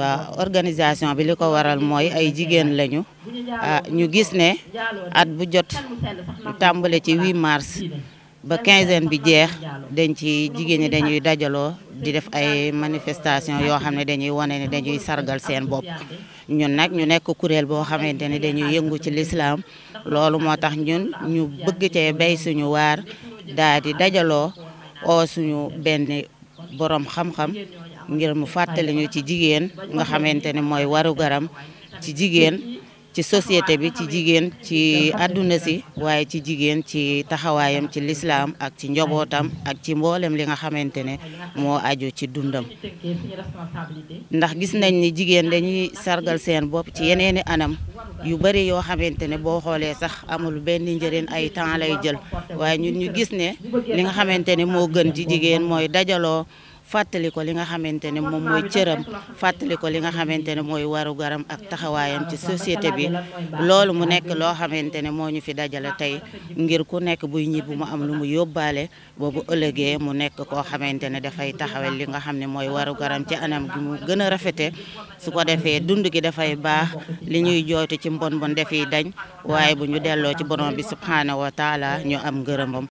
waaw organisation bi li ko waral mooy ay jigéen lañu ah ñu gis ne at bu jot tàmbale ci 8 mars ba quinzaine bi jeex dañ ci jigéen ñi dañuy dajaloo di def ay manifestation yoo xam ne dañuy wane ne dañuy sargal seen bopp ñun nag ñu nekk kuréel boo xamante ne dañuy yëngu ci lislaam loolu moo tax ñun ñu bëgg cee bay suñu waar daal di dajaloo oo suñu benn borom xam-xam ngir mu fàttali ñu ci jigéen nga xamante ne mooy waru garam ci jigéen ci société bi ci jigéen ci àdduna si waaye ci jigéen ci taxawaayam ci lislaam ak ci njobootam ak ci mboolem li nga xamante ne moo aju ci dundam ndax gis nañ ni jigéen dañuy sargal seen bopp ci yeneeni anam yu bari yoo xamante ne boo xoolee sax amul benn njëriñ ay temps lay jël waaye ñun ñu gis ne li nga xamante ne moo gën ci jigéen mooy dajaloo fàttali ko li nga xamante ne moom mooy cëram fàttali ko li nga xamante ne mooy waru garam ak taxawaayam ci société bi loolu mu nekk loo xamante ne moo ñu fi dajale tey ngir ku nekk buy ñibbi mu am lu mu yóbbaale boobu ëllëgee mu nekk koo xamante ne dafay taxawal li nga xam ne mooy waru garam ci anam gi mu gën a rafete su ko defee dund gi dafay baax li ñuy jooytu ci mbon bon defiy dañ waaye bu ñu delloo ci borom bi subhanahu wa taala ñu am ngërëmam